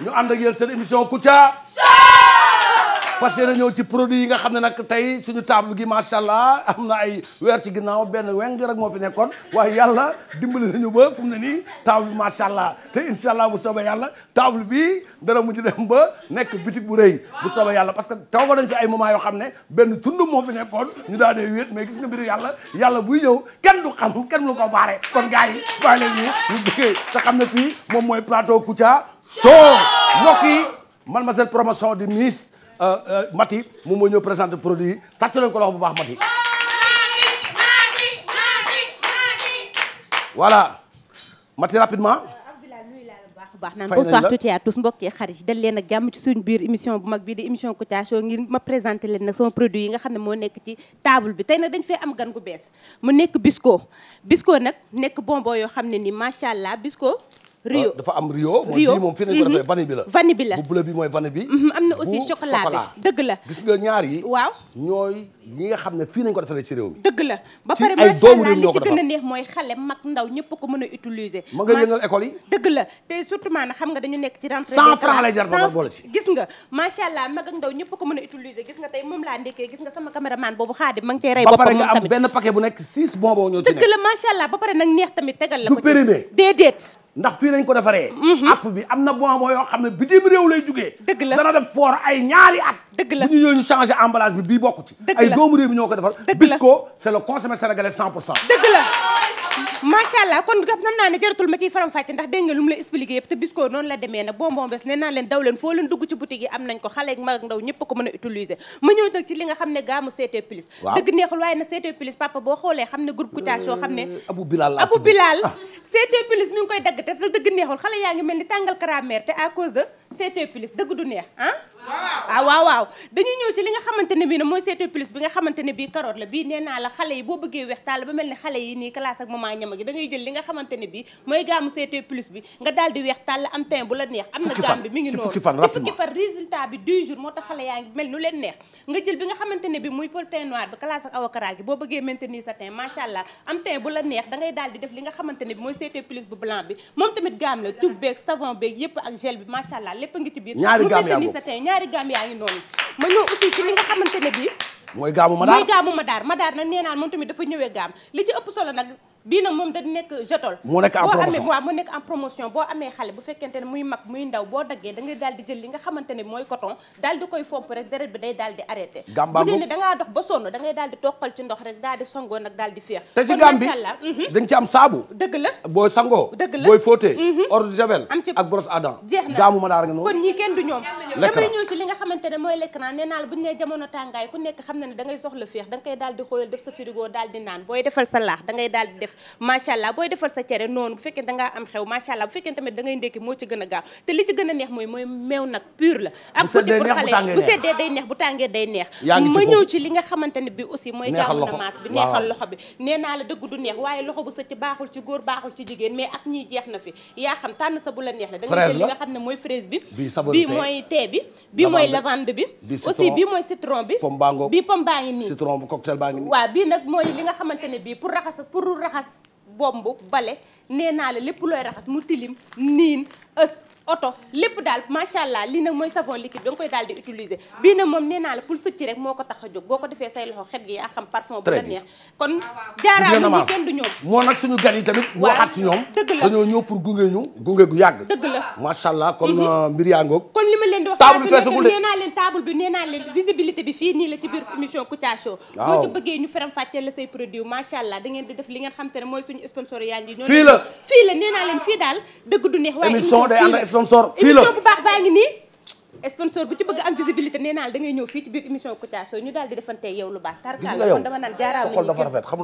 ñu ànd ak yéen seen émission Kouthia fas yéene ñëw ci produit yi nga xam ne nag tey suñu table gi macha allah am na ay weer ci ginnaaw benn weng rek moo fi nekkoon waaye yàlla dimbali ñu ba fu mu ne nii table bi macha allah te incha bu soobee yàlla table bi dara mu ci dem ba nekk bitik bu rëy bu soobee yàlla parce que toogoon nañ ci ay moment yoo xam ne benn tund moo fi nekkoon ñu daa dee wéet mais gis nga mbiru yàlla yàlla buy ñëw kenn du xam kenn lu ko baare kon gars yi bàyyi leen ñu moom mooy plateau Kouthia soo mbokk yi mademoiselle promotion du ministre euh, euh, Mati moom moo ñëw présenter produit tàcc leen ko loxo bu baax Mati. voilà Mati rapidement. baax naan bonsoir tout à tous mbokk yi xarit dal leen ak jàmm ci suñu biir émission bu mag bii di émission Kouthia Show ngir ma présenté leen nag sama produit yi nga xam ne moo nekk ci table bi tey nag dañ fee am gan gu bees mu nekk Bisco Bisco nag nekk bonbon yoo xam ne nii macha allah Bisco Rio ah, dafa am Rio. moom fii nañu ko defee mhm. vanille bi la. vanille bi bu bleu bi mooy vanille bi. Mhm, am na aussi chocolat bi dëgg la. gis nga ñaar yi. waaw ñooy. ñi nga xam ne fii nañ ko defalee ci réew mi dëgg la ba pare macha allah a neex ñëpp ko mën a utiliser ma nga la te surtout xam nga dañu nekk ci rentrée cent francs lay jar nga macha allah mag ak ndaw ñëpp ko mën a nga tey moom laa ndekkee gis nga sama am benn paquet bu nekk six bonbon ñoo ci nekk dëgg la macha allah ba pare nag neex tamit ndax fii lañ ko defaree mhm. app bi am na bonbon yoo xam ne bitim réew lay jugee dëgg la dana def poor ay ñaari at dëgg la ñu ñooñu changé emballage bi bii bokku ci. ay doomu réew mi ñoo ko defar. dëgg la allah kon naa ne jaratul ma ciy faram ndax dégg nga la expliqué yëpp te Bisco noonu la demee nag bonbon bés naa leen daw foo leen dugg ci boutique yi am nañ ko xale ak mag ndaw ñëpp ko mën a utiliser ma ñëw nag ci li nga xam ne gaamu CT plus dëgg neexul waaye na CT plus papa boo xoolee xam ne groupe Kouthia xam ne euh, Abou Bilal la Abou Bilal ah. CT plus ngi koy dagg te dëgg neexul xale yaa ngi mel ni tàngal ah waaw waaw dañuy ñëw ci li nga xamante bii ne mooy seete bi nga xamante ne bii carotte la bii nee naa la xale yi boo bëggee weex taal ba mel ni xale yi nii classe ak ne bii mooy gaamu seete plus bi nga daal na gaam bi mi ngi nga xamante ne bii muy pol teint noir bi la neex da ngay mooy seete plus bu blanc bi moom tamit gaam la tube beeg savon beeg yëpp ak gel bi macha allah lépp ngi ci biir maintenir sa teint ñaari gaam yaa ngi noonu ma ñëw aussi ci li nga xamante ne bii mooy gaamu madaar madaar madaar nag moom tamit dafa ñëwee gaam li ci ëpp solo nag bii nag moom da nekk jetol mu nekk en promotion boo amee xale bu fekkente ne muy mag muy ndaw boo daggee da ngay daal di jël li nga xamante ne mooy coton daal di koy fomp rek deret bi day daal di arrêté bu dee ne da da ngay daal di toqal ci ndox daal di songoo nag daal di mhm. la booy sangoo dëgg la booy fóotee mhm. eau de javel am ci ak na gaamu ma ne mooy l'écran nee naa la bu ñu nee jamono tàngaay ku nekk xam na ne da ngay soxla féex da nga koy daal di xóoyal def sa frigo daal di naan booy defal sa laax da ngay daal di def macha allah booy defar sa cere noonu bu fekkee dangaa tamit da ndékki moo ci gën a gaaw te li ci gën a neex mooy mooy meew nag mooy li nga xam bii pour raxas pour raxas raxas bomb bale nee naa la lépp looy raxas mu tilim niin ës oto lépp daal macha allah lii nag mooy savon liquide da nga koy daal di utiliser nag moom nee la pour sëcc rek moo ko tax a jóg boo ko defee say loxo xet gi yaa xam parfum bu neex kon ah, jaaraama ñi kenn du ñoom moo nag suñu gan yi tamit waxaat ci ñoom dëgg la yàgg dëgg la macha allah kon mhm. euh, mbir yaa ngoog kon li ma leen di wax table bi feesagul leen visibilité bi fii nii la ci biir ah. émission Kouthia Show ci bëggee ñu faram fàccee la say produit macha allah da di def li ngeen xam te ne mooy suñu sponsor yaa ngi fii la fii la fii daal sponsor fii la émission bu baax baa ngi nii sponsor bu ci bëgg am visibilité nee naa ñëw fii ci biir émission Kouthia Show ñu daal di defante yow lu baax tarkaal la kon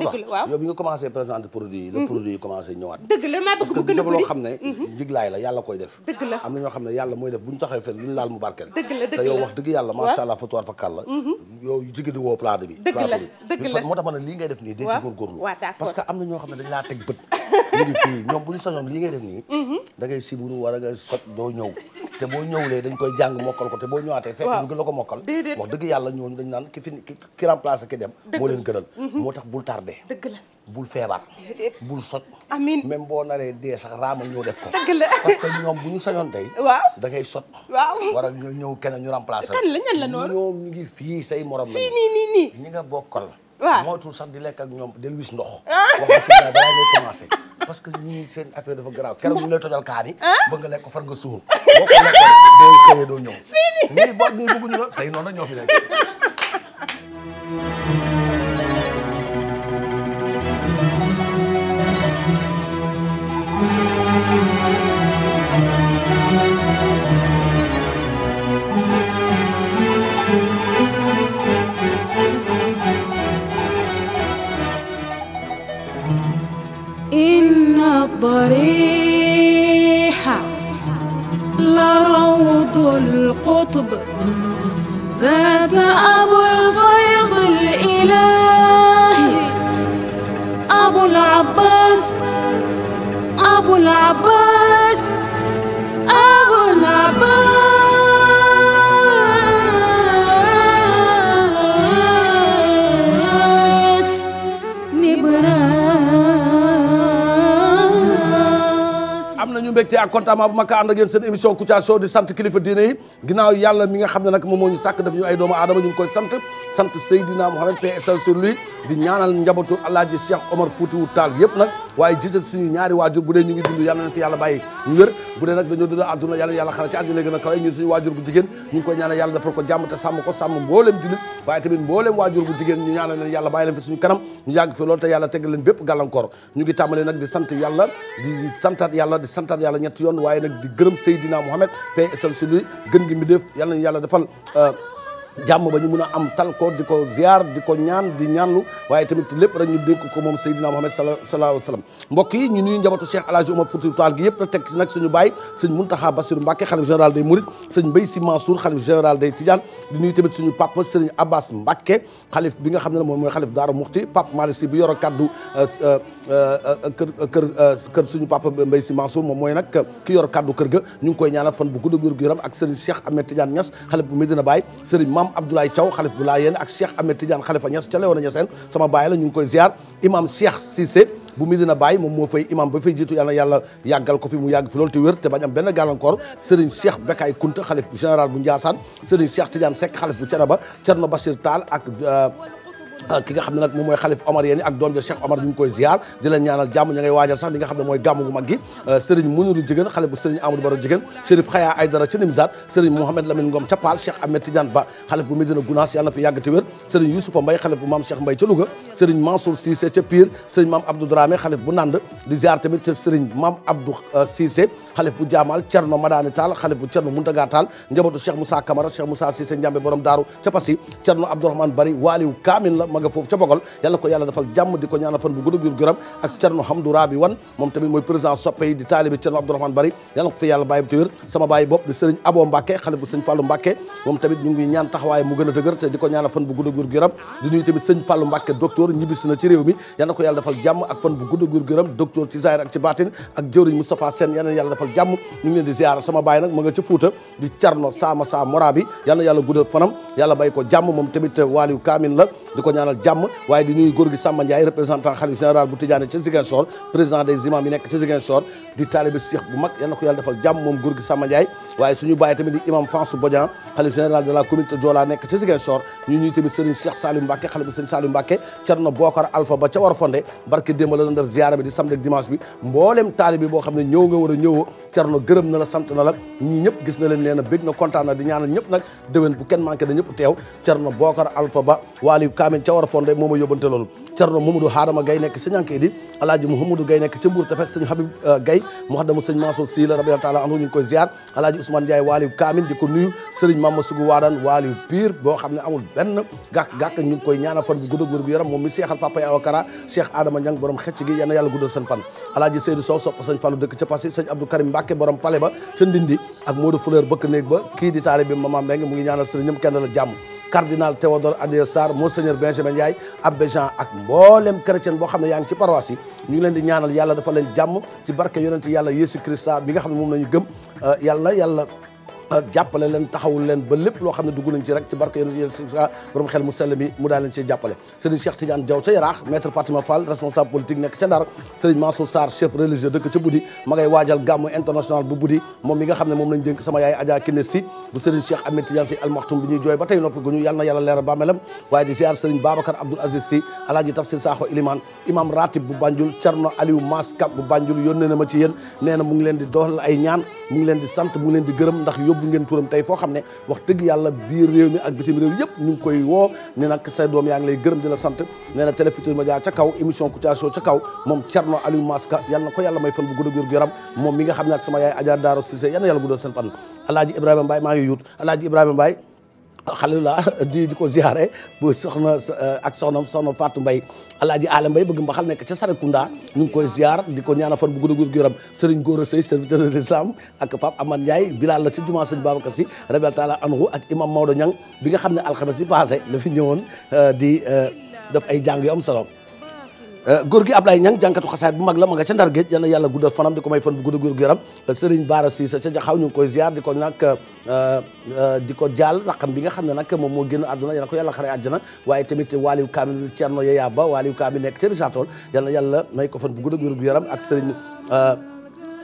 bi nga commencé présenter produit mm-hmm. produit yi commencé ñëwaat dëgg la maa bëgg bu gën a loo xam ne mm-hmm. njiglaay la yàlla koy def dëgg la am na ñoo xam ne yàlla mooy def bu ñu taxee fen lu ñu laal mu barkeel dëgg la dëgg la moo tax ma lii ngay def nii dee ci góorgóorlu parce que am na ñoo xam ne dañ ñu ngi fii ñoom bu ñu sañoon li ngay def nii da ngay siburu war a nga sot doo ñëw te boo ñëw ñëwlee dañ koy jàng mokkal ko te boo ñëwaatee fekk ñu ko mokkal wax dëgg yàlla ñooñu dañ naan ki fi ki remplacé ki dem moo leen gënal mhm. moo tax bul tardé dëgg la bul feebar bul sot amiin même boo naree dee sax raamal ñoo def ko dëgg la parce que ñoom bu ñu sañoon tey waaw da ngay sot waaw war a ñëw kenn ñu remplacé kan la ñan la ñoom ñu ngi fii say morom fii nii nii nii nga bokkal waaw mootul sax di lekk ak ñoom del wis ndox parce que ñii seen affaire dafa garaaw keroog ñu lay tojal kaani ah. ba nga lekk far nga suur doo xëyee doo ñëw ñii boo ñii bëgguñu la say noonu ñoo fi nekk ضريحة لروض القطب ذات أبو الفيض الإلهي أبو العباس أبو العباس mbégte konta contentement bu makka ànd ak yéen seen émission Kouthia Show di sant kilifa diine yi ginnaaw yàlla mi nga xam ne nag moom moo ñu sàkk def ñu ay doomu aadama ñu koy sant sant Seydina Mouhamed PSL sur lui di ñaanal njabootu alaaji Cheikh Omar Foutiyou Tall yëpp nag waaye jiit suñu ñaari waajur bu dee ñu ngi dund yàlla na fi yàlla bàyyi ñu bu dee nag dañoo dund àdduna yàlla yàlla xala ci àdduna gën a kawe ñun suñu waajur bu jigéen ñu ngi koy ñaanal yàlla defal ko jàmm te sàmm ko sàmm mbooleem julit waaye tamit mbooleem waajur bu jigéen ñu ñaanal leen yàlla bàyyi leen fi suñu kanam ñu yàgg fi loolu te yàlla tegg bépp gàllankoor ñu ngi tàmbalee nag di sant yàlla di santaat yàlla ñetti yoon waaye nag di gërëm Seydina Mouhamed paix et salut sur gi jàmm ba ñu mun a am tal ko di ko ziar di ko ñaan di ñaanlu waaye tamit lépp rek ñu dénk ko moom Seydina Muhammad sallallahu alayhi wa sallam mbokk yi ñu nuyu njabootu Cheikh El Hadj Omar Fouti gi yëpp te teg nag suñu baay sëñ Muntaxa Basiru Mbàkke xalif général des Mourides sëñ Mbay Si Mansour xalif général dey Tidiane di nuyu tamit suñu papa sëñ Abbas Mbàkke xalif bi nga xam ne moom mooy xalif Daara Muxti papa Malick Si bi yoro kaddu euh, euh, euh, kër kër kër suñu papa Mbay Si Mansour moom mooy nag ki yor kaddu kër ga ñu ngi koy ñaanal fan bu gudd ak wér gu yaram ak sëriñ Cheikh Ahmed Tidiane Niass xalif bu Medina Baye sëriñ imam Abdoulaye Thiaw xalif bu Laayeen ak Cheikh Ahmed Tidiane xalifa Niass ca Léona Niassène sama baay la ñu ngi koy ziar imam Cheikh Cissé bu Medina Baye moom moo fay imam ba fay jiitu yàlla yàlla yàggal ko fi mu yàgg fi loolu te wér te bañ am benn gàllankoor Serigne Cheikh Bekay Kunta xalif général bu Ndiassane Serigne Cheikh Tidiane Seck xalif bu Thiénaba Thierno Bachir Tall ak euh, Euh, ki nga xam ne nag mooy xalif Omar yéen ak doom ja Cheikh Omar ñu ngi koy ziar di leen mooy gàmmu gu mag gi euh, Serigne Mounirou xalif bu Serigne Amadou Baro Jigéen Chérif Khaya Aydara ci Nimzat Serigne Mouhamed Lamine Ngom ca Paal Cheikh Ahmed Tidiane Ba xalif bu Medina Gounass yàlla na fi yàgg te wér Serigne Youssoufa Mbaye xalif bu Maam Cheikh Mbaye xalif bu Nand di ziar tamit ca Serigne Maam euh, xalif bu Jaamal Cerno Madani Tall xalif bu Cerno Muntaga Tall njabootu ma foofu ca Bogol yàlla ko yàlla dafal jàmm di ko ñaanal fan bu gudd ak guram ak Cerno Hamdou Rabi Wan moom tamit mooy président soppe yi di taalibi Cerno Abdourahmane Bari yàlla na ko yàlla dafal jàmm ak fan bu gudd ak guram docteur ci zahir ak ci baatin ak jëwriñ Moustapha Sène yàlla yàlla dafal jàmm ñu ngi leen di ziar sama bàyyi nag ma ca Fuuta di Cerno Sama Sa Morabi yàlla yàlla guddal fanam yàlla bàyyi ko jàmm moom tamit waaliyu kaamin la di ñaanal jàmm waaye di nuyu góor gi Samba Ndiaye représentant xalifa général bu Tidiane ca Ziguinchor président des imams yi nekk ca Ziguinchor di taalibe Cheikh bu mag yal na ko yàlla defal jàmm moom góor gi waaye suñu baay tamit di imam Fansou Bodian xalif général de la communauté Joola nekk ci Ziguinchor ñu ñuy tamit Serigne Cheikh Saliou Mbacké xalifa Serigne Saliou Mbacké Cerno Bokar Alpha ba a fonde barke démb la doon def bi di samedi dimanche bi mboolem taalibe bi xam ne ñëw nga war a ñëwoo Cerno gërëm na la sant na la ñii ñëpp gis na leen nee na bég na kontaana na di ñaanal ñëpp nag déwén bu kenn manqué na ñëpp teew Cerno Bokar Alpha ba waaliyu kaamen ca war a fonde moo ma yóbbante loolu Cerno Mamadou Haadama Gay nekk sa ñànk idi alaaji Mouhamadou Gay nekk ca Mbour Tefes sëñ Habib euh, Gay muxaddamu sëñ Mansour Sy la rabbi taala anhu ñu ngi koy ziar alaaji Ousmane Ndiaye waaliw Kaamin di ko nuyu sëriñ Mama Sugu Waadaan waaliw gu yaram moom mi seexal papa Awa Kara Adama Niang borom xëcc gi yàlla yàlla guddal seen fan alaaji Seydou Sow sopp sëñ Fallou dëkk ca Passy sëñ Abdou Karim Mbacke borom pale ba ca Ndindi ak Modou Fleur bëkk ba kii cardinal Théodore Adrien Sarr monseigneur Benjamin Ndiaye abbé Jean ak mboolem chrétien boo xam ne yaa ngi ci paroisse yi ñu ngi leen di ñaanal yàlla dafa leen jàmm ci barke yonent yàlla Yesu Christa bi nga xam ne moom la ñu gëm euh, yàlla yàlla jàppale leen taxawul leen ba lépp loo xam ne dugg nañ rek ci barke yéen sa borom xel mu sell mi mu daal leen jàppale Serigne Cheikh Tidiane Diaw ca Yaraax maître Fatima Fall responsable politique nekk ca Ndar Serigne Mansour Sarr chef religieux dëkk ca Budi ma waajal gàmmu international bu Budi moom mi nga xam ne moom lañ dénk sama yaay Adja Kine si bu Serigne Cheikh Ahmed Tidiane si almaxtum bi ñuy jooy ba tey noppi guñu yàlla na yàlla leeral bàmmeelam waaye di yóbbu ngeen turam tey foo xam ne wax dëgg yàlla biir réew mi ak bitim réew yëpp ñu koy woo ne nag say doom yaa ngi lay gërëm di la sant nee na Télé Futurs Médias ca kaw émission Kouthia Show ca moom Thierno Aliou Maska yal na ko yàlla may fan bu gudd ak wér gu yaram mi nga xam ne ak sama yaay Adja Daaro Cissé yal na yàlla guddal seen fan alaaji Ibrahima Mbaye maa ngi yuut alaaji Ibrahima Mbaye xalilula di di ko ziare bu soxna eh, ak soxna soxna Fatou Mbaye alaaji Aala Mbaye bëgg mbaxal nekk ca Sarakunda ñu ngi koy ziar di ko ñaanal fan bu gudd gudd yaram Serigne Gora Seye serviteur de l'islam ak Pape Amad Ndiaye bilal la ci jumaa Serigne Babacar Sy rabbil taala anhu ak imam Maodo Niang bi nga xam ne alxames si passé la fi ñëwoon eh, di eh, daf ay jàng yu am solo Euh, góor gi Ablaye Niang jànkatu xasaayit bu mag la ma nga ca Ndar Géej yal na yàlla guddal fanam di ko may fan bu gudd góor gu Bara Cissé ca Jaxaw ñu ngi koy ziar di ko nag euh, euh, di ko jaal raqam bi nga xam ne nag moom moo génn àdduna yal na ko yàlla xare àjjana waaye tamit waaliw kaamil Cerno Yaya Ba waaliw kaamil nekk ca Richard Toll yal na yàlla may ko fan bu gudd góor gu yaram ak Serigne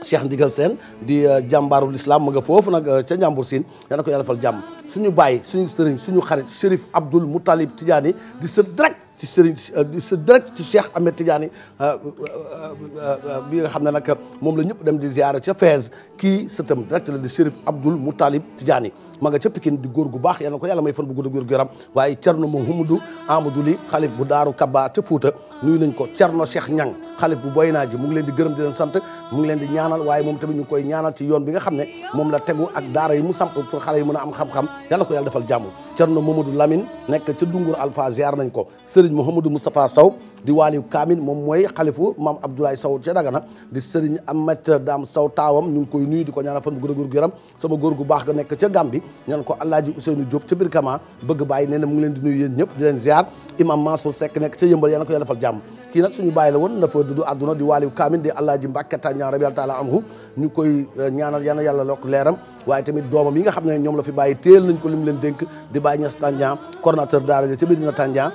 Cheikh Ndigal Sène di jàmbaarul islam ma nga foofu nag ca Njàmbur Siin yal na ko yàlla fal jàmm suñu bàyyi suñu sëriñ suñu xarit Chérif Abdoul Moutalib Tidiane di sët direct ci sëriñ si direct ci Cheikh Ahmed Tidiane euh, euh, euh, bi nga xam ne nag moom la ñëpp dem di ziara ca Fès kii sëtam direct la di Chérif Abdoul Moutalib Tidiane ma nga ca Pikine di góor gu baax yal na ko yàlla may fan bu gudd góor gu yaram waaye Cerno Mouhamadou Amadou Ly xalif bu Daaru Kaba ca Fuuta nuyu nañ ko Cerno Cheikh Ñang xalif bu Boyna ji mu ngi leen di gërëm di leen sant mu ngi leen di ñaanal waaye moom tamit ñu ngi koy ñaanal ci yoon bi nga xam ne moom la tegu ak daara yi mu samp pour xale yi mën a am xam-xam yàlla ko yàlla defal jàmm Cerno Mamadou Lamine nekk ca Dungur Alpha ziar nañ ko Serigne Mouhamadou Moustapha Sow di waaliyu kaamil moom mooy xalifu maam Abdoulaye Sow ca Dagana di am Ahmed daam saw taawam ñu ngi koy nuyu di ko ñaanal fan bu gën a góor yaram sama góor gu baax ga nekk ca Gàmbi ñaan ko Alaaji Ousseynou Diop ca Birkama bëgg bàyyi nee na mu ngi leen di nuyu yéen ñëpp di leen ziar imam Mansour Seck nekk ca yëmbal yàlla na ko yàlla defal jàmm kii nag suñu bàyyi la woon dafa dudd àdduna di waaliyu kaamil di Alaaji Mbàkke Tàññaan rabi taala anhu ñu koy eh, ñaanal yal na yàlla lokk leeram waaye tamit doomam yi nga xam ne ñoom la fi bàyyi téel nañ ko lim leen dénk di bàyyi ñas Tàññaan coordonnateur daara ja ca Medina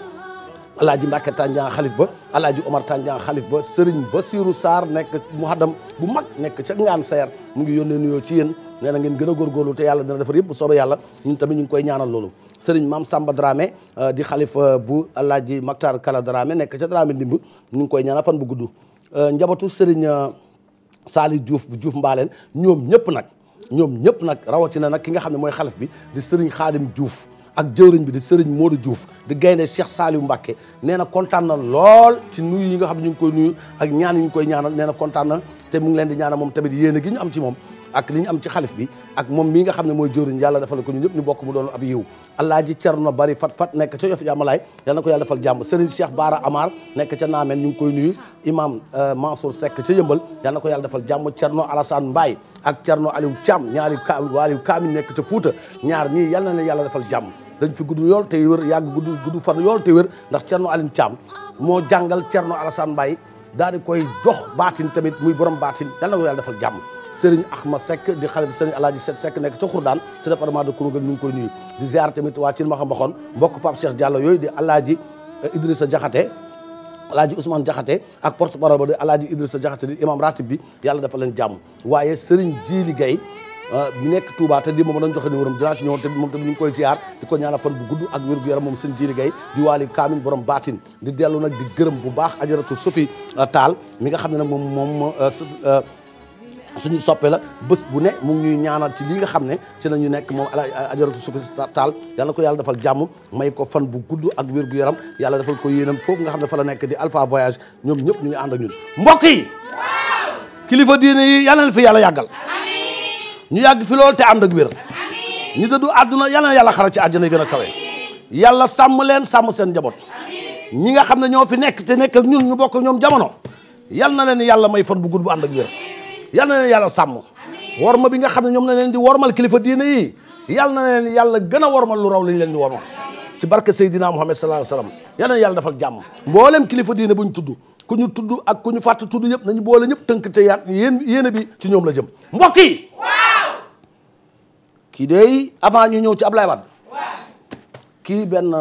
alaaji Mbacke Tandian xalif ba alaaji Omar Tandian xalif ba Serigne Bassirou Sarr nekk muhaddam bu mag nekk ca ngaan sayar mu ngi yónnee nuyoo ci yéen nee na ngeen gën a góorgóorlu te yàlla dina defar yëpp bu soobee yàlla ñun tamit ñu ngi koy ñaanal loolu Serigne Mame Samba Dramé euh, di xalif euh, bu alaaji Maktar Kala Dramé nekk ca Dramé ndimb ñu ngi koy ñaanal fan bu guddu euh, njabootu sëriñ Saliou Diouf bu Diouf Mbaaleen ñoom ñëpp nag ñoom ñëpp nag rawatina nag ki nga xam ne mooy xalif bi di Serigne Khadim Diouf ak jëwriñ bi di sëriñ Modou juuf di gaynde Cheikh Saliou Mbacké nee na kontaan na lool ci nuyu yi nga xam ne ñu ngi koy nuyu ak ñaan yi ñu koy ñaanal nee na kontaan te mu ngi leen di ñaanal moom tamit yéene gi am ci moom ak li ak moom mii nga xam ne mooy jëwriñ yàlla defal ko ñu bokk mu doon ab yiw alaaji Cerno bari fat fat nekk ca yof jàmmalaay yal na ko yàlla defal jàmm Serigne Cheikh Bara Amar nekk ca Naameen ñu ngi koy nuyu imam euh, Mansour Seck ca Yëmbal yal na ko yàlla defal jàmm Cerno Alassane Mbaye ak Cerno aliw Thiam ñaari ka waaliw kaamil nekk ca Fuuta ñaar ñii yal na leen yàlla defal jàmm dañ fi gudd yool te wér yàgg gudd gudd fan yool te wér ndax Thierno Aline Thiam moo jàngal Thierno Alassane Mbaye daal di koy jox baatin tamit muy borom baatin yàlla na ko yàlla defal jàmm Serigne Ahma Seck di xalif Serigne Alaaji Set sekk nekk ca Khourdan ci département de Koungheul ñu ngi koy nuyu di ziar tamit waa cin ma xam mboxoon mbokk Pape Cheikh Diallo yooyu di Alaaji eh, Idrissa Diakhaté alaaji Ousmane Diakhaté ak porte parole ba di alaaji Idrissa Diakhaté di imam ratib bi yàlla dafa leen jàmm waaye Serigne Djili Gaye bi ah, nekk Touba te di moom dañ joxe numéro dinaa ci ñëw te moom koy ziar di ko ñaanal fan bu gudd ak wér gu yaram moom sëñ Jiri Gaye di waali baatin di dellu nag di gërëm bu baax ajaratu Sophie ah, Tall mi nga xam ne nag moom moom ah, suñu soppe bés bu ne mu ngi ñuy nga xam ne ci la ñu nekk moom ajaratu suufi taal yàlla ko yàlla defal jàmm may ko fan bu gudd ak wér gu yaram yàlla defal ko yéenam foofu nga xam ne fa la nekk di alpha voyage ñoom ñëpp ñu ngi ànd ak ñun mbokk yi kilifa diine yi yàlla fi yàlla yàggal ñu yàgg fi loolu te ànd ak wér ñu dëddu àdduna yal na yàlla xara ci àjjana yi gën a kawe yàlla sàmm leen sàmm seen njaboot ñi nga xam ne ñoo fi nekk te nekk ak ñun ñu bokk ñoom jamono yal na leen yàlla may fan bu gudd bu ànd ak wér yal na leen yàlla sàmm worma bi nga xam ne ñoom na leen di wormal kilifa diine yi yal na leen yàlla gën a wormal lu raw lañ leen di wormal ci barke Seydina Muhammad sallallahu alayhi wasallam yal na leen yàlla dafal jàmm mboolem kilifa diine bu ñu tudd ku ñu tudd ak ku ñu fàtt tudd yëpp nañu boole ñëpp tënk te yaan yéen bi ci ñoom la jëm kii de avant ñu ñëw ci Ablaye Wade kii benn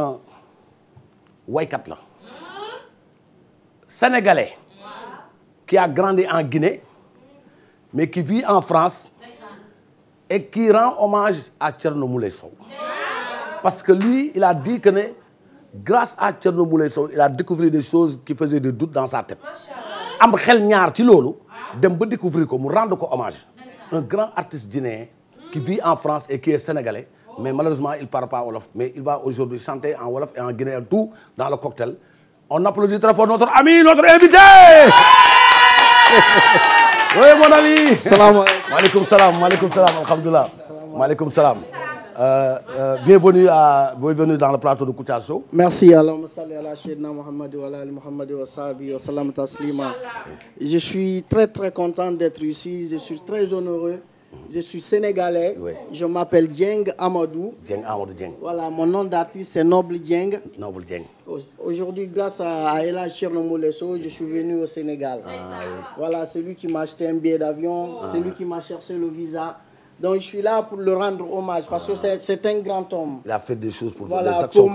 waykat la sénégalais qui a grande en Guinée mais qui vit en France et qui rend hommage à Thierno Moulé Sow parce que lui il a dit que ne grâce à Thierno Moulé Sow il a découvert des choses qui faisaient des doutes dans sa tête am xel ñaar ci loolu dem ba découvrir ko mu rendre ko hommage un grand artiste guinéen qui vit en France et qui est sénégalais mais malheureusement il parle pas wolof mais il va aujourd'hui chanter en wolof et en guinéen tout dans le cocktail on applaudit très notre ami notre invité oui mon ami euh, euh, bienvenue dans le plateau de Kouthia Show. Merci allahumma salli ala sayyidina Muhammad wa ali Muhammad wa sallam taslima. Je suis très très content d'être ici, je suis très honoreux Je suis sénégalais. Je m'appelle Dieng Amadou. Dieng Amadou Dieng. Voilà, mon nom d'artiste c'est Noble Dieng. Noble Dieng. Aujourd'hui, grâce à El Hadj Thierno Moule Sow, je suis venu au Sénégal. Ah, Voilà, c'est qui m'a acheté un billet d'avion, ah. qui m'a cherché le visa. Donc je suis là pour le rendre hommage parce que ah. c'est un grand homme. Il a fait des choses pour voilà, des actions.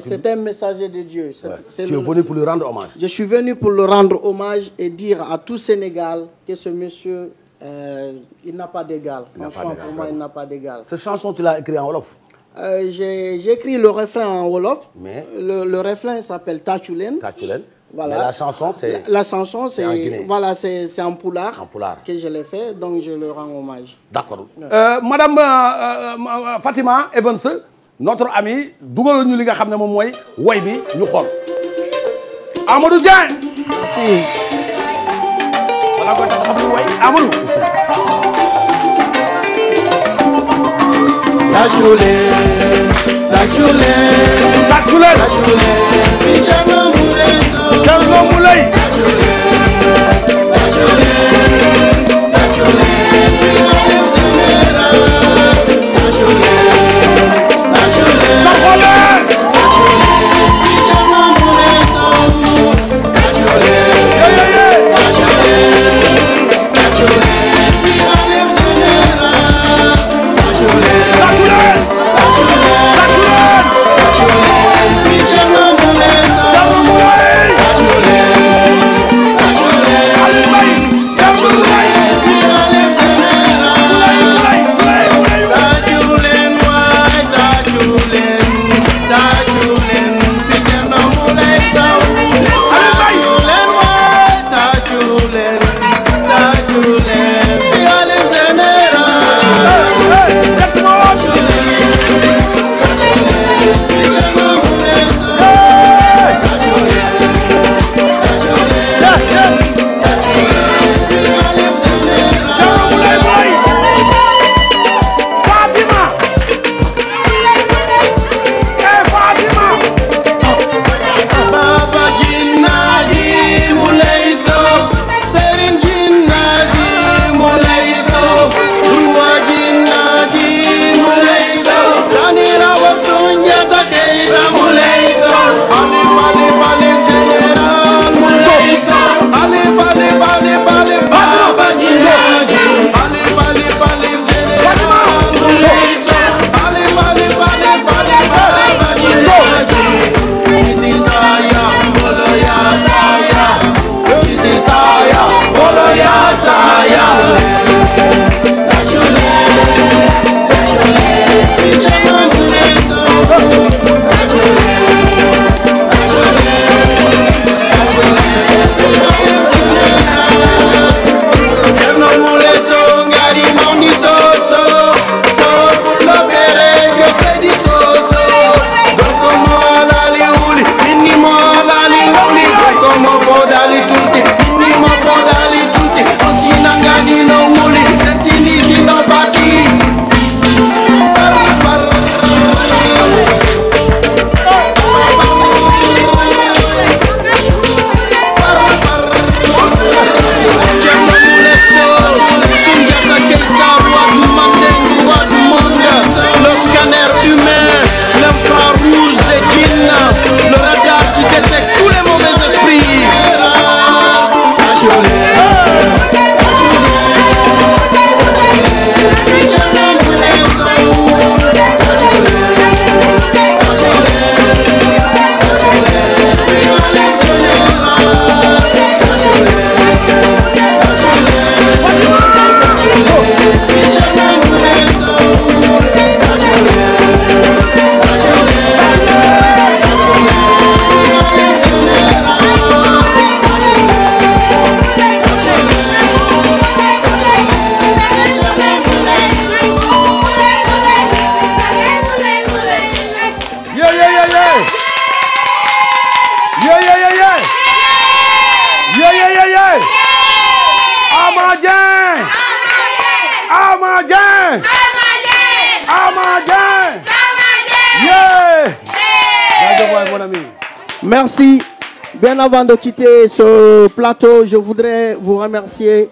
c'est un messager de Dieu. C'est ouais. pour le rendre hommage. Je suis venu pour le rendre hommage et dire à tout Sénégal que ce monsieur Euh, il n'a pas d'égal. Franchement, pour moi, il n'a pas d'égal. Cette chanson, tu l'as écrite en wolof? Euh, j'ai j'écris le refrain en wolof. Mais le le refrain s'appelle Tachulen. Tachulen. Voilà. Mais la chanson c'est la, la chanson c'est voilà, c'est c'est en pulaar. En pulaar. Que je l'ai fait, donc je le rends hommage. D'accord. Ouais. Euh, madame euh, euh, euh, Fatima Evans, notre amie dugal ñu li nga xam ne moom mooy woy bi ñu xool. Amadou Dieng. Merci. Tachulen, tachulen, tachulen, tachulen, pijama mulay, pijama mulay. Bien avant de quitter ce plateau, je voudrais vous remercier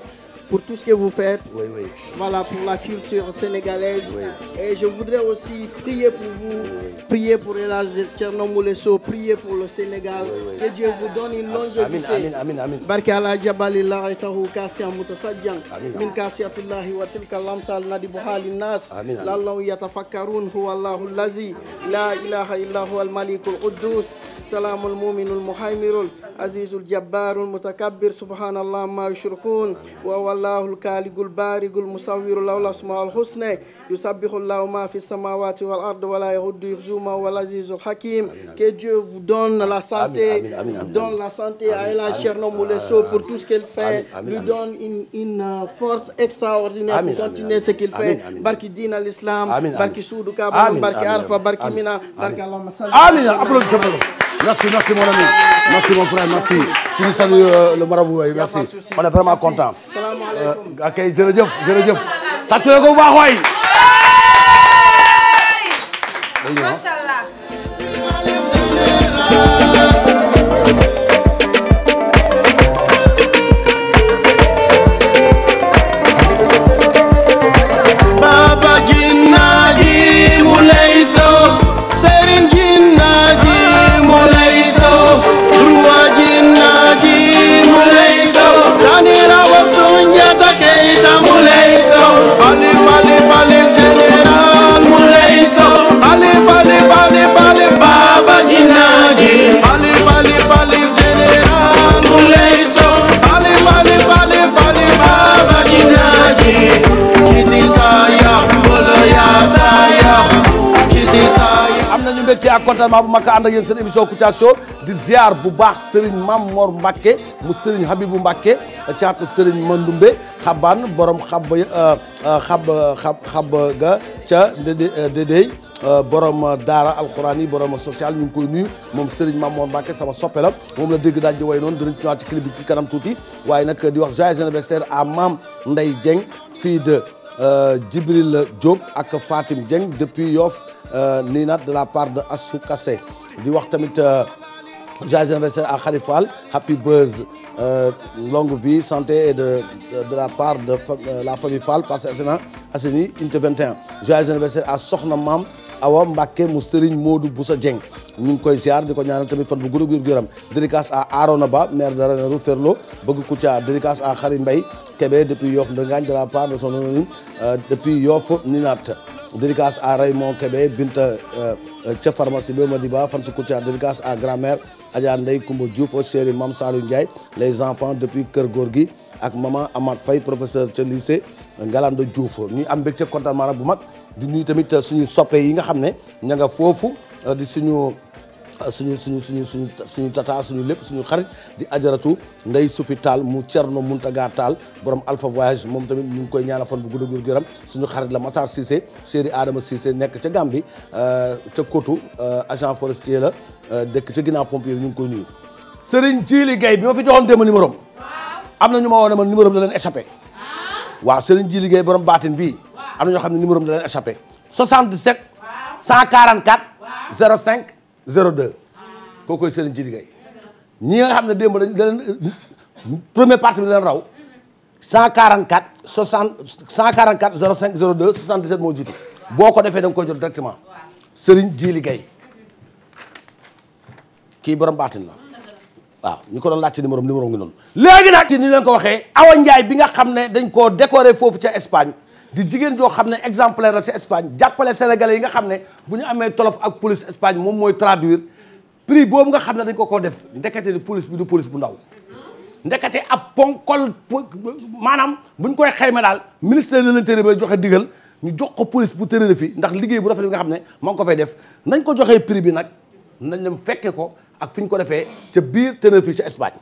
pour tout ce que vous faites. Oui, oui. voilà, pour la culture sénégalaise. Oui. Et je voudrais aussi prier pour vous, oui. prier pour l'élargir Tchernomoulesso, prier pour le Sénégal. Oui, que Dieu vous donne une longévité. Amin, amin, amin. Barka ala jabali la itahu kasia mutasadian. Min kasiatillahi wa tilka lamsal nadibu hali nas. Lallahu yatafakkarun huwa Allahu allazi. La ilaha illa huwa al-malikul quddus. Salamul muminul muhaimirul. Azizul jabbarul mutakabbir. Subhanallah ma yushrikun. Wa wallahu al-kaligul barigul musa yusawiru lahu al-asmaa'ul husnaa yusabbihu lahu ma fi samawati wal ard wala yahuddu hifzuhumaa wal azizul hakim que Dieu vous donne la santé donne la santé à El Hadji Thierno Moule Sow pour tout ce qu'il fait lui donne une une euh, force extraordinaire pour continuer ce qu'il fait barki diin al islam barki suudu kaaba barki arfa barki mina barki allahumma salli merci merci mon ami merci mon frère merci tu nous salues euh, le marabout waay merci on est vraiment content. Euh, ok jërëjëf jërëjëf. tàcc na ko bu baax waay. mbégte ak contentement bu mag ànd ak yéen seen émission Kouthia Show di ziar bu baax Serigne Mamor Mbacke mu Serigne Habibou Mbacke caatu Serigne Mandoumbe xaban borom xab euh, euh, xab xab xab ga ca dédéy euh, borom daara alxuraan yi borom social ñu ngi koy nuyu moom Serigne Mamour Mbacke sama soppe moom la dégg daaj di way noonu dinañ ñëwaat ci clip bi ci kanam tuuti waaye nag di wax joyeux anniversaire à maam Ndeye Dieng fii de Djibril Diop ak Fatim Dieng depuis Yoff Euh, lii nag de la part de Assou Kassé di wax tamit joyeux anniversaire à Khalifal happy buzz euh, longue vie santé et de de la part de euh, la famille Fall Parcelles Assainies unité 21 joyeux anniversaire à Soxna Maam Awa Mbacke mu Serigne Modou Boussa Dieng ñu ngi koy ziar di ko ñaanal tamit fan bu gudd gu yaram dédicace à Arona Ba maire de Ranérou Ferlo bëgg Kouthia dédicace à xari Mbaye Kébé depuis Yoff Ndengaañ de la part de son anonyme depuis Yoff Ninat dédicace à Raymond Kébé Binta euh, ca pharmacie ba Madiba fan si Kouthia dédicace à grand-mère Adja Ndeye Koumba Diouf au chéri Mame Saliou Ndiaye les enfants depuis Kër Gorgui ak mama Amath Faye professeur ca lycée Ngalando Diouf ñuy am mbégte kontaan maanaam bu mag di nuyu tamit suñu soppe yi nga xam ne ña foofu di suñu suñu suñu suñu suñu suñu tata suñu lépp suñu xarit di ajaratu nday sufi taal mu cerno muntaga taal borom alpha voyage moom tamit ñu ngi koy ñaanal fan bu gudd gu yaram suñu xarit la Matar Cissé Seri Adama Cissé nekk ca Gambie euh, ca Kotu euh, agent forestier la euh, dëkk ca ginnaaw pompier ñu ngi koy nuyu Serigne Djili Gaye bi ma fi joxoon démb numéro am na ñu ma woo ne ma numéro da leen échappé waaw Serigne Djili Gaye borom baatin bii am na ñoo xam ne numéro da leen échappé 77 144 05 02 kooku Serigne Djily Gaye ñi nga xam ne démb dañ da leen premier parti bi leen raw 144 60 144 05 02 77 moo jiitu boo ko defee dañ ko koy jot directement Serigne ji liggéey kii borom baatin la waaw ñu ko doon laajte numéro numéro ngi noonu léegi nag ni leen ko waxee Awa Ndiaye bi nga xam ne dañ koo décorer foofu ca Espagne di jigéen joo xam ne exemplaire la si Espagne jàppale sénégalais yi nga xam ne bu ñu amee tolof ak police Espagne moom mooy traduire prix boobu nga xam ne dañ ko ko def ndekete ni police bi du police bu ndaw ndekete ab ponkol maanaam bu ñu koy xayma daal ministère de l'intérieur bay joxe digal ñu jox ko police bu tërële fi ndax liggéey bu rafet bi nga xam ne moo ngi ko fay def nañ ko joxee prix bi nag nañ dem fekke ko ak fi ñu ko defee ca biir tërële fi ca Espagne.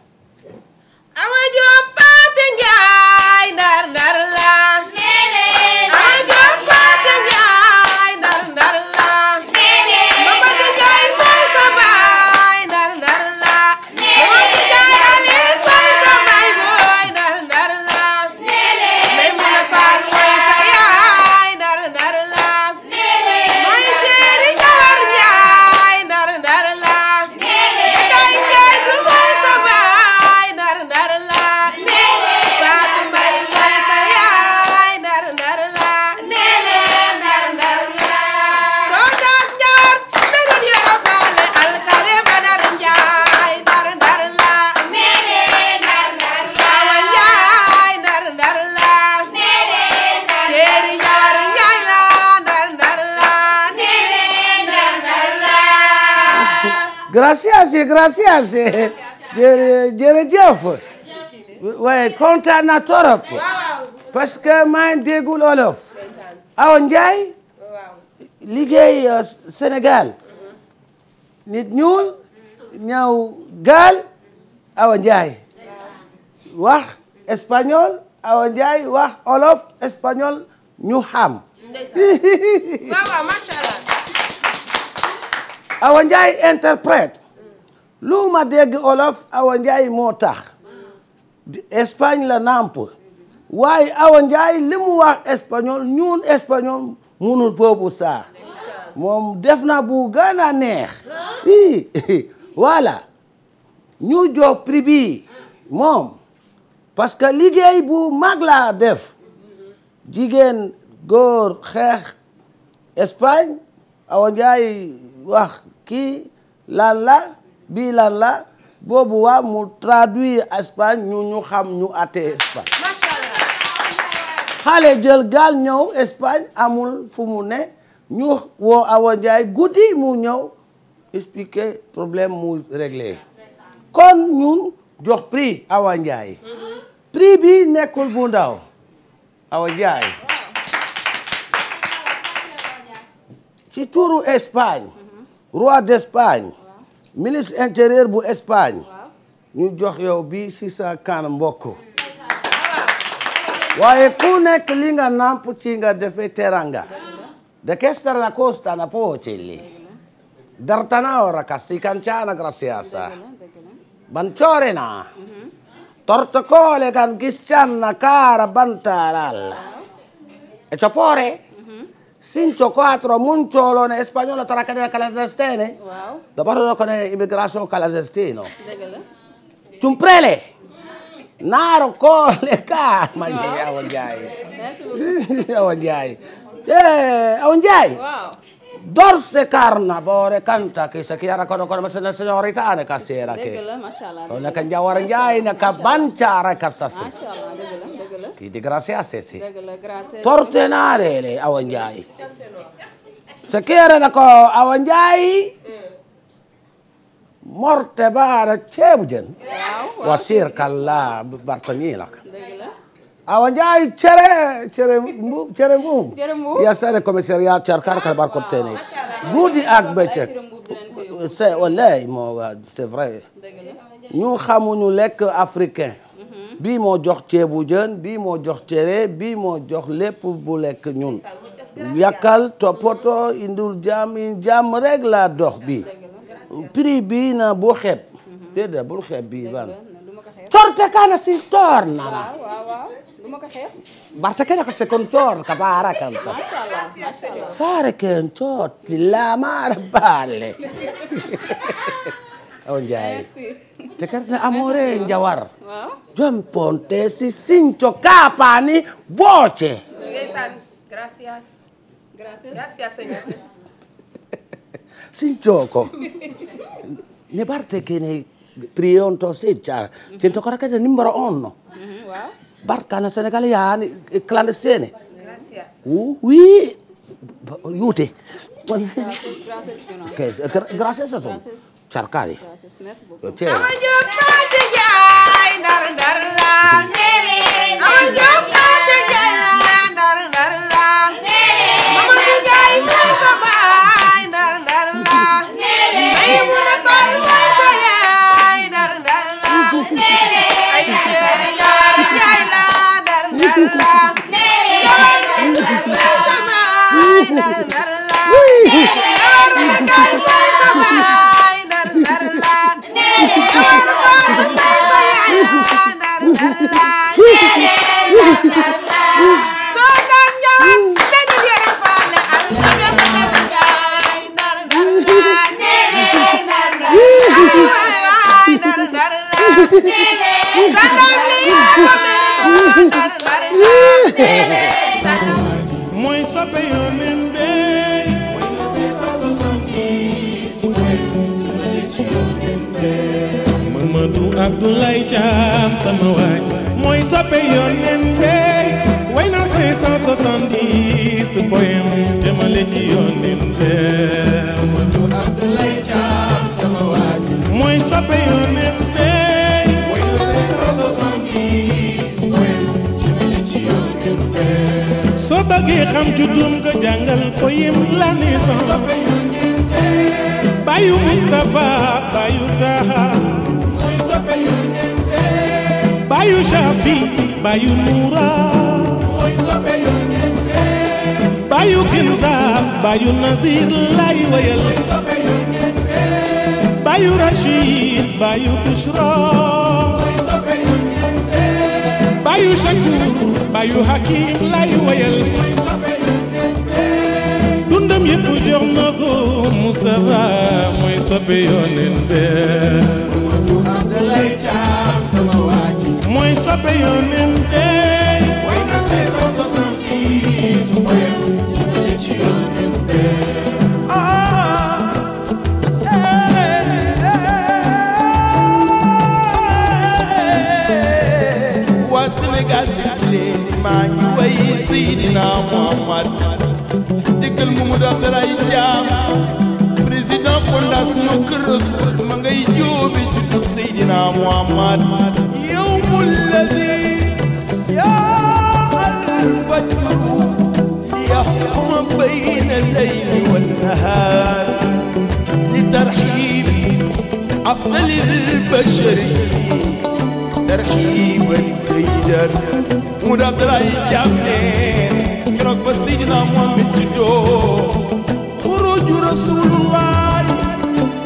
gracias gracias jërëjëf waaye kontaan na parce que maa ngi déggul olof aw Ndiaye liggéey euh, Sénégal nit ñuul gaal awa wax espagnol awa wax olof espagnol ñu xam awa Ndiaye lu ma dégg olof Awa Ndiaye moo tax Espagne la nàmp waaye Awa Ndiaye li mu wax espagnol ñun espagnol munul boobu saa moom def na bu gën a neex i ñu jox prix bi moom parce que liggéey bu mag la def jigéen góor xeex Espagne Awa Ndiaye wax kii lan la bii lan la boobu waa mu traduire Espagne ñu ñu xam ñu àtte Espagne xale jël gaal ñëw Espagne amul fu mu ne ñu woo Awa Ndiaye guddi mu ñëw expliquer problème mu réglé kon ñun jox prix Awa Ndiaye mm-hmm. prix bi nekkul bu ndaw Awa Ndiaye ci turu Espagne mm-hmm. roi d'Espagne ministre intérieur bu Espagne ñu jox yow bi si sa kan mbokk waaye ku nekk li nga namp ci nga defe teranga de kestana costana pocelli dartana ora kasi kancana graciasa bancorena tortokole kan kiscanna cara bantaralla e topore Sincho 4 Muncholo ne espagnolo traccare clandestine. Wow. Dopo lo con immigrazione clandestino. Cumprele. Naro cole ka manjai wow. awonjai. awonjai. Eh, awonjai. Dorse carna bore canta che se chiara con con messa nel signorità kii di gracia sesi tortenaare le Awa Njaay se keerena ko Awa morte baara ceebu jën wa sirkalla bartañiilak Awa Njaay cere cere mbu cere commissariat carkar kala bar koptene guddi ak bëccëg wallahi moo c'est vrai ñu xamuñu africain bii moo jox ceebu jën bii moo jox cere bii moo jox lépp bu lekk ñun yàkkal toppatoo indul jàmm jàmm rek laa dox bi prix bii na bu xeeb déedéet bul xeeb bii ban corte kana si toor nana barta kene ko sekon coor ka barakanta saare ken coot lillamara balle o njaay tekarte amore njawar jom ponte si sinco kaapani booce gracias gracias señor sinco ko ne barte kene prié on to seccar tento kora kadi numéro on no barkana sénégal yaani clandestine oui yuute Gracias, gracias, Fiona. ¿Qué es? Gracias, gracias eso. Gracias. Charcari. Gracias, merci beaucoup. Ama jóg tànk jaay ndar ndar laa. Ama jóg sunu waay mooy soppe yónneen tey way na 570 poème jëmale ci yónneen tey. Modou Abdoulaye Thiam sama waay mooy soppe yónneen tey way na 570 poème jëmale ci yónneen tey. soo bëggee xam juddum ko jàngal poème la naissance. Bayu Mustapha Bayu Taha. bayu shafi bayu nura mooy soppe yonente bayu kinza bayu nazir lay wayal mooy soppe yonente bayu rashid bayu bushra mooy soppe yonente bayu shakur bayu hakim lay wayal mooy soppe yonente dundam yëpp jox na ko Mustafa mooy soppe yonente mooy du Abdoulaye Thiam sama waaji mooy soppe yonente way na say cent soixante-dix su boyam jëmale ci yonente waa Sénégal dégg leen maa ngi way Seydina Muhammad déggal Mamadou Abdoulaye Thiam président fondation Kër Rassoul ma ngay jóobe juddub Seydina Muhammad أفضل البشر ترحيبا جيدا ونبدأ جامعين كرك بسيجنا محمد جدو خروج رسول الله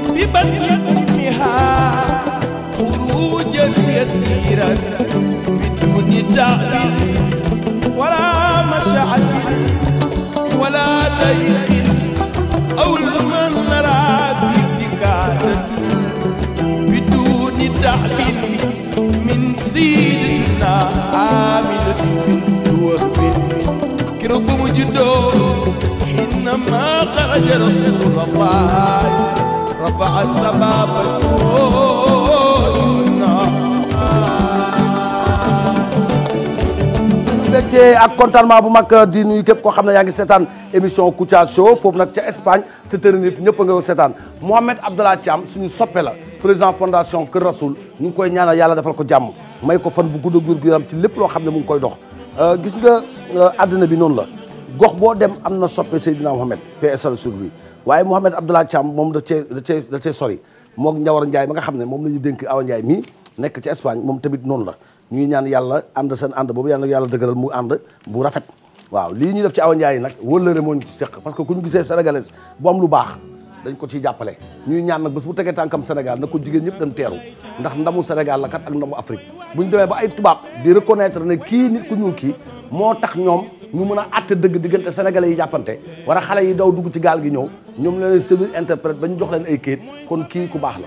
ببنيتها خروجا يسيرا دعي ولا مشعة ولا ضيق أو المن رابيتك عادة بدون تعب من سيدتنا عاملة وهب كرب مجدو حينما خرج رسول الله رفع سبابته mbégte ak contentement bu mag di nuyu képp koo xam ne yaa ngi seetaan émission Kouthia Show foofu nag ca Espagne ca Tenerife ñëpp a nga seetaan Mohamed Abdallah Thiam suñu soppe la président fondation Kër Rasoul ñu ngi koy ñaanal yàlla defal ko jàmm may ko fan bu gudd ak wér gu ci lépp loo xam ne mu ngi koy dox euh, gis nga euh, àddina bi noonu la gox boo dem am na soppe Seydina Mohamed PSL sur lui waaye Mohamed Abdallah Thiam moom da cee da cee da cee sori moog Njawar Ndiaye ma nga xam ne moom la ñu dénk Awa Ndiaye mii nekk ci Espagne moom tamit noonu la ñuy ñaan yàlla ànd seen ànd boobu yàlla yàlla dëgëral mu ànd bu rafet waaw lii ñuy def ci Awa Ndiaye nag wëllëre moo ñu ci seq parce que ku ñu gisee sénégalais bu am lu baax dañ ko ciy jàppale ñuy ñaan nag bés bu tegee tànkam Sénégal na ko jigéen ñëpp dem teeru ndax ndamu Sénégal la kat ak ndamu Afrique bu ñu demee ba ay tubaab di reconnaître ne kii nit ku ñuul kii moo tax ñoom ñu mën a àtte dëgg diggante sénégalais yi jàppante war a xale yi daw dugg ci gaal gi ñëw ñoom la leen service interprète ba ñu jox leen ay kayit kon kii ku baax la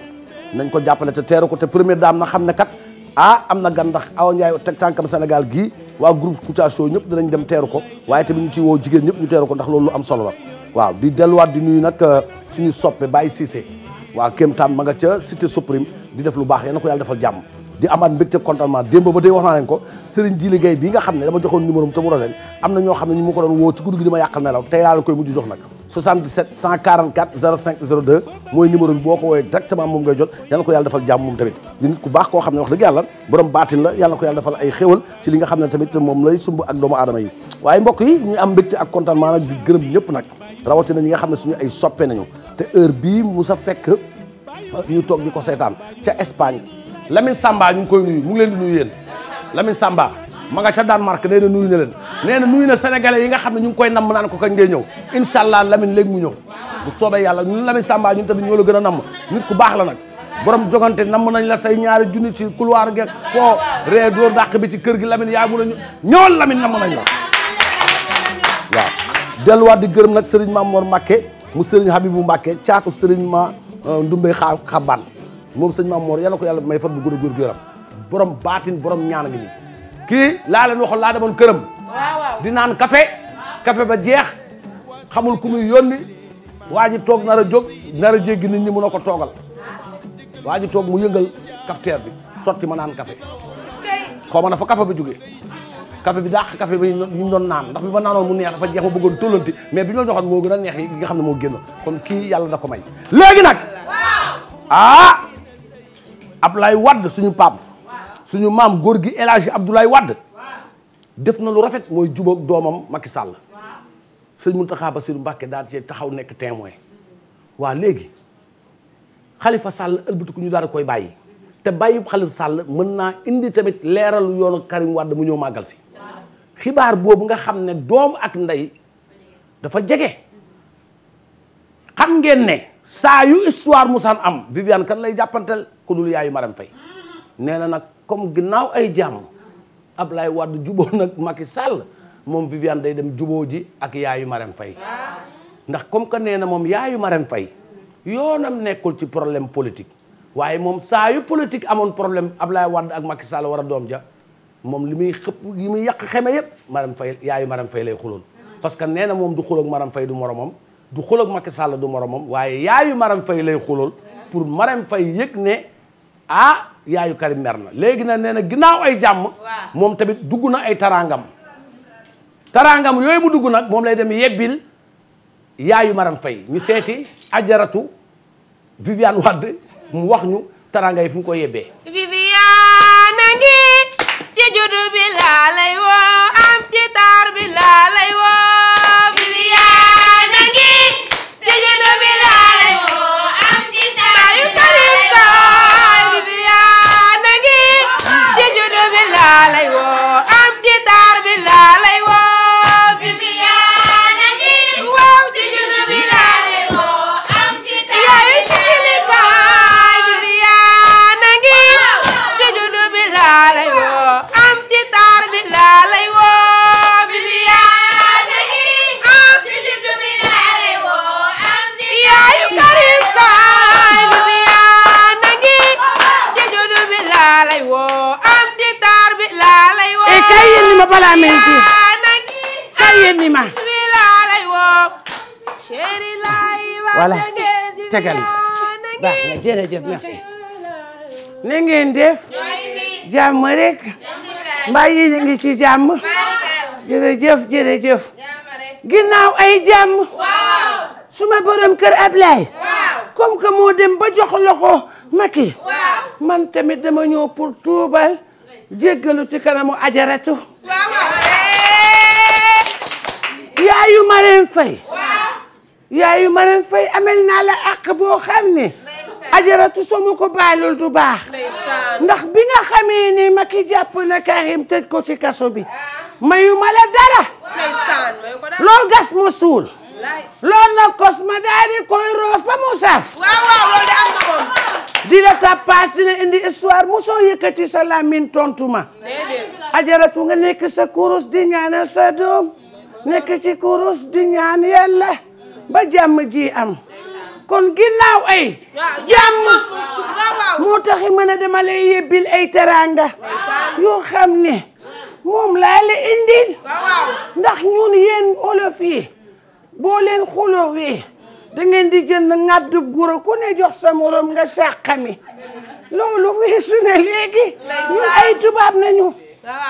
nañ ko jàppale te teeru ko te première dame na xam ne kat ah am na gan ndax Awa Ndiaye teg tànkam Sénégal gi waa groupe Kouthia Show ñëpp dinañ dem teeru ko waaye tamit ñu ci woo jigéen ñëpp ñu teeru ko ndax loolu am solo la waaw di delluwaat di nuyu nag euh, suñu soppe Baye Cissé waaw kéemtaan ma nga ca cité suprême di def lu baax yéen a ko yàlla defal jàmm di amaat mbégte contentement démb ba tey wax naa leen ko Serigne Djili Gueye bii nga xam ne dama joxoon numéro am te mu roneen am na ñoo xam ne ñu ma ko doon woo ci guddi gi di ma yàqal nelaw te yàlla koy mujj jox nag mooy numéro boo ko woowee directement moom ngay jot yal na ko yàlla defal jàmm moom tamit di nit ku baax koo xam ne wax dëgg yàlla borom baatin la yal na ko yàlla defal ay xéwal ci li nga xam ne tamit moom lay sumb ak doomu aadama yi waaye mbokk yi ñu am mbégte ak contentement nag di gërëm ñëpp nag rawatina ñi nga xam ne suñu ay soppe nañu te heure bii mu ñu ko seetaan ca Espagne Lamine Samba ñu ngi koy nuyu mu leen di nuyu yéen Lamine Samba ma nga ca Danemark nee na nuyu na leen nee na nuyu na sénégalais yi nga xam ne ñu ngi koy namm naan ko kañ ngay ñëw incha allah Lamine léegi mu ñëw bu soobee yàlla ñun Lamine Samba ñun tamit ñoo la gën a namm nit ku baax la nag borom jogante namm nañ la say ñaari junni ci couloir geeg foo ree door dàq bi ci kër gi Lamine yaa mu la ñëwal Lamine namm nañ la waaw delluwaat di gërëm nag Serigne Mamour Mbacké mu Serigne Habibou Mbacké caatu Serigne ma euh, Ndumbé xa xabaan moom sëñ Maam moo yàlla ko yàlla may far bu gudd góor yaram borom baatin borom ñaan ngi nii kii laa leen waxoon laa demoon këram di naan café kafe ba jeex xamul ku muy yónni waa ji toog nar a jóg nar a jéggi nit ñi mun a ko toogal waa ji toog mu yëngal cafetière bi sotti ma naan café xaw ma na fa café ba jógee café bi dàq café bi ñu doon naan ndax bi ma naanoon mu neex dafa jeex ma bëggoon tollanti mais bi ñu la joxoon moo gën a neex yi nga xam ne moo génn kon kii yàlla da ko may léegi Abdoulaye Wade suñu paam suñu maam góor gi El Hadji Abdoulaye Wade def na lu rafet mooy jubóog doomam Macky Sall sëñ Mountakha Bassirou Mbacké daal cee taxaw nekk témoin waa léegi Khalifa Sall ëlbatiku ñu daal koy bàyyi mm-hmm. te bàyyi Khalifa sàll mën naa indi tamit leeral yoonu Karim Wade mu ñëw màggal si xibaar boobu nga xam ne doom ak ndey dafa jege mm-hmm. xam ngeen ne saa yu histoire musaan am Viviane kan lay jàppanteel ku dul yaayu Marème fay nee na nag comme ginnaaw ay jàmm Ablaye Wade juboo nag Macky Sall moom Viviane day dem juboo ji ak yaayu Marème fay ndax comme que nee na moom yaayu Marème Faye yoonam nekkul ci problème politique waaye moom saa yu politique amoon problème Ablaye Wade ak Macky Sall war a doom ja moom li muy xëpp li muy yàq xeme yëpp Marème Faye yaayu Marème Faye lay xuloon parce que nee na moom du xuloo ak Marème Faye du moromom du xul ak Macky Sall du moromam waaye yaayu Marème Faye lay xulool pour Marème Faye yëg ne ah yaayu Karim mer na léegi nag nee ginnaaw ay jàmm moom tamit dugg na ay taraangam taraangam yooyu mu dugg nag moom lay dem yebbil yaayu Marème Faye ñu seeti ajaratu Viviane Wade mu wax ñu taraanga yi fu mu ko yebbee Viviane a ci juddu bi laa lay woo am ci taar bi laa lay woo balaa may ji ka yéen ni ma voilà tegal baax def jàmm rek mbaa yéen a ci jàmm jërëjëf jërëjëf ginnaaw ay jàmm suma borom kër Ablaye comme que moo dem ba jox loxo Macky man tamit dama ñëw pour tuubal jéggalu ci kanamu ajaratu yaayu Marème Faye amel naa la àq boo xam ne ajaratu sama ko baalul du baax ndax bi nga xamee ne ma ki jàpp na Karim tëj ko ci kaso bi ah. mayu ma la dara lool gas ma suul lool na kos ma daal koy roof ba mu saf di la tappaas dina indi histoire mosoo yëkkati sa làmmiñ tontu ma ajaratu nga nekk sa kurus di ñaanal sa doom nekk ci kurus di ñaan yàlla ba jàmm ji am kon ginnaaw ay jàmm moo taxi mën a dama lay yebbil ay teraanga yoo xam ne moom laa la indil ndax ñun yéen olof yi boo leen xulowee da ngeen di gën ngàddu guro ku ne jox sa morom nga sàqami loolu weesu na léegi ñu ay tubaab nañu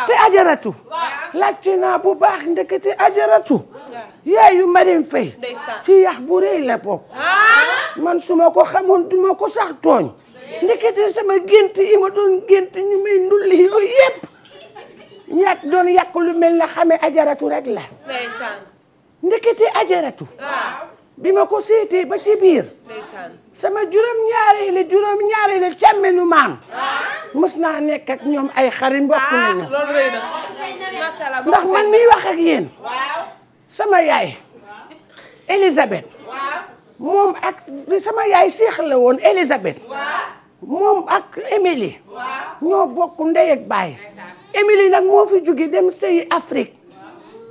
te ajaratu laajte naa bu baax ndekete ajaratu yaayu Marème Faye ci yax bu rëy la bokk ah. man suma ma ko xamoon duma ko sax tooñ ndekete sama gént yi ma doon gént ñu may ndulli yooyu yëpp ñaat doon yàq mel na xame ajaratu rek la ndekete ajaratu bi ma ko seetee ba ci biir sama juróom-ñaareelu juróom-ñaareelu càmmenu maam ah. mës naa nekk ak ñoom ay xarit mbokk ah, nañu ndax man miy wax ak sama yaay Elisabeth moom ak sama yaay seex la woon Elisabeth moom ak Émilie ñoo bokk ndey ak baay Émilie nag moo fi jóge dem sëyi Afrique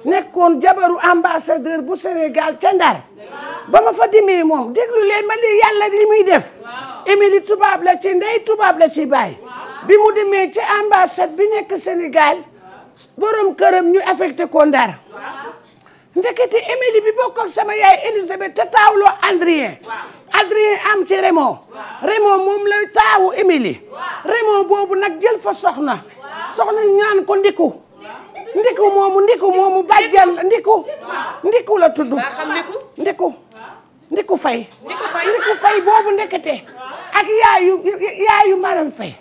nekkoon jabaru ambassadeur bu Sénégal ca Ndar ba ma fa demee moom déglu leen ma li yàlla li muy def Émilie tubaab la ci ndey tubaab la ci baay bi mu demee ci ambassade bi nekk Sénégal borom këram ñu affecté ko Ndar ndekete Émilie bi bokk sama yaay Élisabeth te taawloo Adrien Adrien am ci Raymond Raymond moom la taawu Émilie Raymond boobu nag jël fa soxna soxna ñaan ko ndiku ndiku moomu ndiku moomu bàjjal ndiku ndiku la tudd ndiku ndiku fay ndiku fay boobu ndekete ak yaayu yaayu maram fay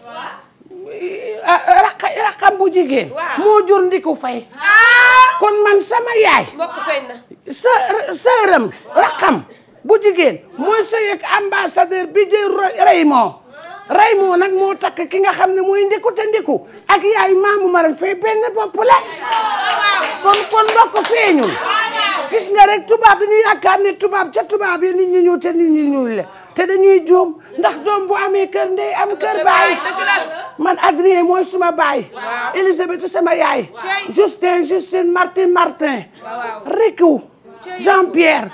raqa raqam bu jigéen. moo jur ndiku fay. Ah! kon man sama yaay. mbokk fay na. sa sëram raqam bu jigéen mooy sëy ak ambassadeur bi jël Raymo. Raymo nag moo takk ki nga xam ne mooy ndiku te ndiku ak yaay maamu maram fay benn bopp la. kon kon mbokk feeñul. gis nga rek tubaab dañuy yaakaar ne tubaab ca tubaab yi nit ñi ñëw te nit te dañuy juum ndax doom bu amee kër ndey am kër baay man Adrien mooy suma baay Elisabeth sama yaay Justin Justine Martin Martin Riku Jean Pierre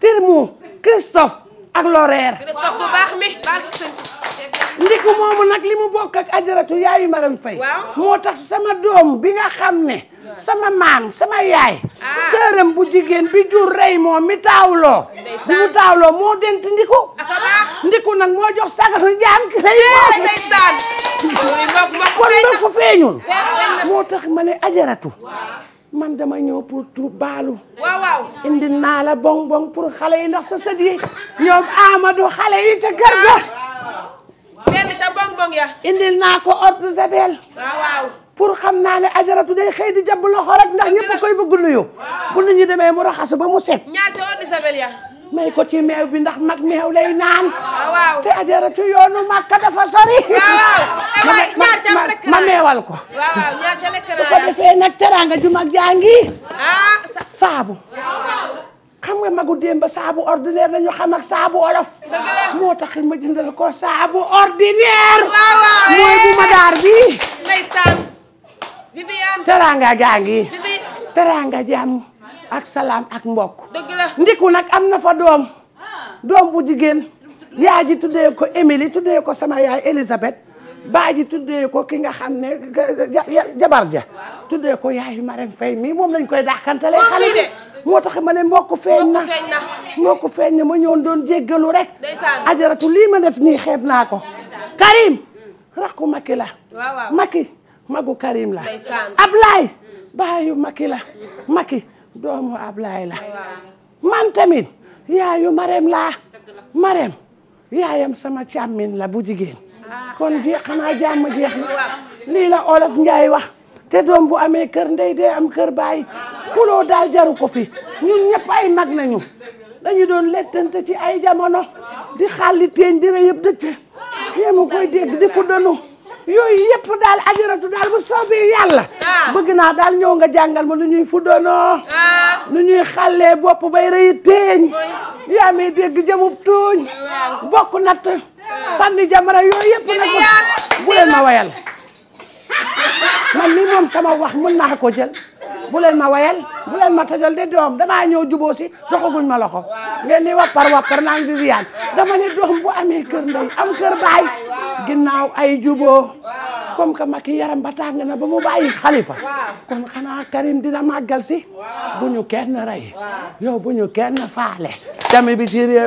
Tirmou Christophe ak Loreer Christophe ndiku moomu nag li mu bokk ak ajaratu yaayu Marème Faye moo tax sama doom bi nga xam ne sama maam sama yaay ah. sërëm bu jigéen bi jur rey moom mi taawloo bi mu taawloo moo dent ndiku ndiku nag moo jox sagaru jaam ki rey kon loo moo tax ma ne ajaratu man dama ñëw pour tuub baalu. waaw waaw indi naa la bong bong pour xale yi ndax sa yi ñoom Amadou xale yi ca kër benn ca bonbon ya. indil naa ko ordre Javel. pour xam naa ne ajaratu day xëy di jàpp loxo rek ndax ñëpp koy bëgg nuyu. bu nit ñi demee mu raxasu ba mu set. may ko ci meew bi ndax mag meew lay naan. waaw te ajaratu yoonu Makka dafa sori. waaw eh, ñaar ca ma meewal ko. waaw ñaar ca ko defee nag teraanga ju mag ah, saabu. xam nga magu démb ba saabu ordinaire la ñu xam ak saabu olof. moo tax ma jëndal ko saabu ordinaire. waaw waaw daar bi. ndeysaan. Viviane. teraanga gaa ngi. teraanga jàmm ak salaam ak mbok dëgg la ndiku nag am na fa doom. Ah. doom bu jigéen. yaa ji tuddee ko Émilie tuddee ko sama yaay Elisabeth. baa ji tuddee ko ki nga xam ne jabar ja tuddee ko yaayu Marème Faye mii moom lañ koy dàqantale xale bi moo tax ma ne mbokk feeñ na mbokk feeñ na ma ñëwoon doon jéggalu rek ajaratu lii ma def nii xeeb naa ko Karim mm. rakku Macky la Macky magu Karim la Ablaye mm. yu Macky la mm. Macky doomu Ablaye la man tamit yaayu Marème laa Marème yaayam sama càmmin la bu jigéen ah. kon jeex naa jàmm jeex lii la olof Njaay wax te doom bu amee kër ndey dee am kër baay xuloo daal jaru ko fi ñun ñëpp ay mag nañu dañu doon lettante ci ay jamono di xàlli teeñ dina yëpp dëkk yéen a koy dégg di fuddanu yooyu yëpp daal ajaratu daal bu soobee yàlla ah. bëgg naa daal ñëw nga jàngal ma nu ñuy fuddanoo ah. nu ñuy xàllee bopp bay rëy teeñ yaa dégg jëmub tuuñ bokk natt ah. sànni jamara yooyu yëpp nag bu leen ma wayal man mii moom sama wax mën naa ko jël bu leen ma wayal bu leen ma tëjal de doom damaa ñëw juboo si joxaguñ ma loxo ngeen ni wappar wappar naan Viviane dama ne doom bu amee kër ndey am kër baay ginnaaw ay juboo comme que Macky yaram ba tàng na ba mu bàyyi Khalifa kon xanaa Karim dina màggal si bu ñu kenn rey yow bu ñu kenn faale tamit bi eh,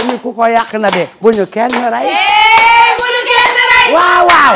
waaw waaw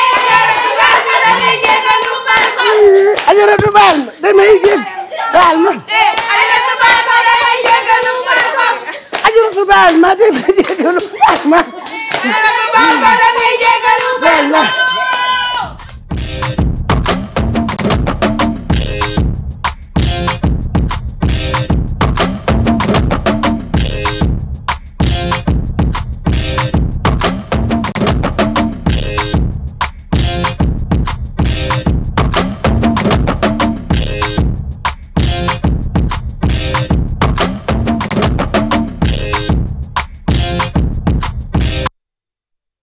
ajaratu baal ma damay jégg baal ma ajaratu baal ma damay jéggalu baal ma baal ma